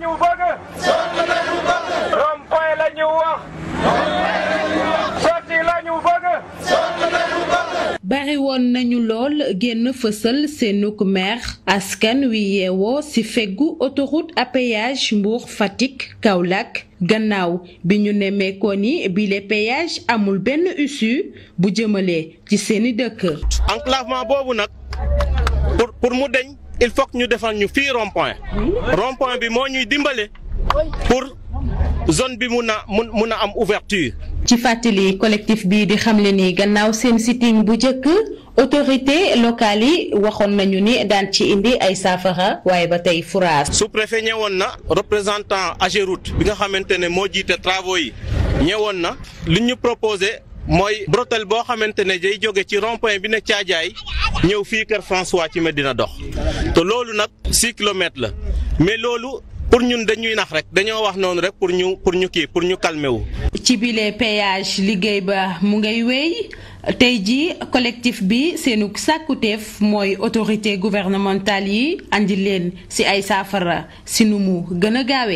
ñu bari woon nañu lool génn fësal seenug mer askan wi yeewoo ci feggu otorut à péage Mbour Fatick Kaolack gannaaw bi ñu nemmeekoo ni bile péage amul benn issue bu jëmale ci seeni dëkk. enclavement boobu nag pour pour mu deñ il faut ñu defal ñu fi rond rompoint bi moo ñuy dimbale pour zone bi mun a mun mun a am ouverture ci fàttali collectif bii di xamle ni gannaaw seen sitting bu njëkk autorité locale yi waxoon nañu ni daan ci indi ay saafara waaye ba tey furaas sous-préfet ñëwoon na représentant Ageroute bi nga xamante ne moo jiite travaux yi ñëwoon na li ñu proposé mooy bretelle boo xamante ne day jóge ci rond point bi ne Caajaay ñëw fii Kër François ci Medina dox te loolu nag six la mais loolu pour ñun dañuy nax rek dañoo wax noonu rek pour ñu pour ñu kii pour ñu calmer wu. ci bile péage liggéey ba mu ngay wéy tey jii collectif bi seenu sàkkuteef mooy autorité gouvernementale yi andi leen ci ay saafara si nu mu gën a gaawee.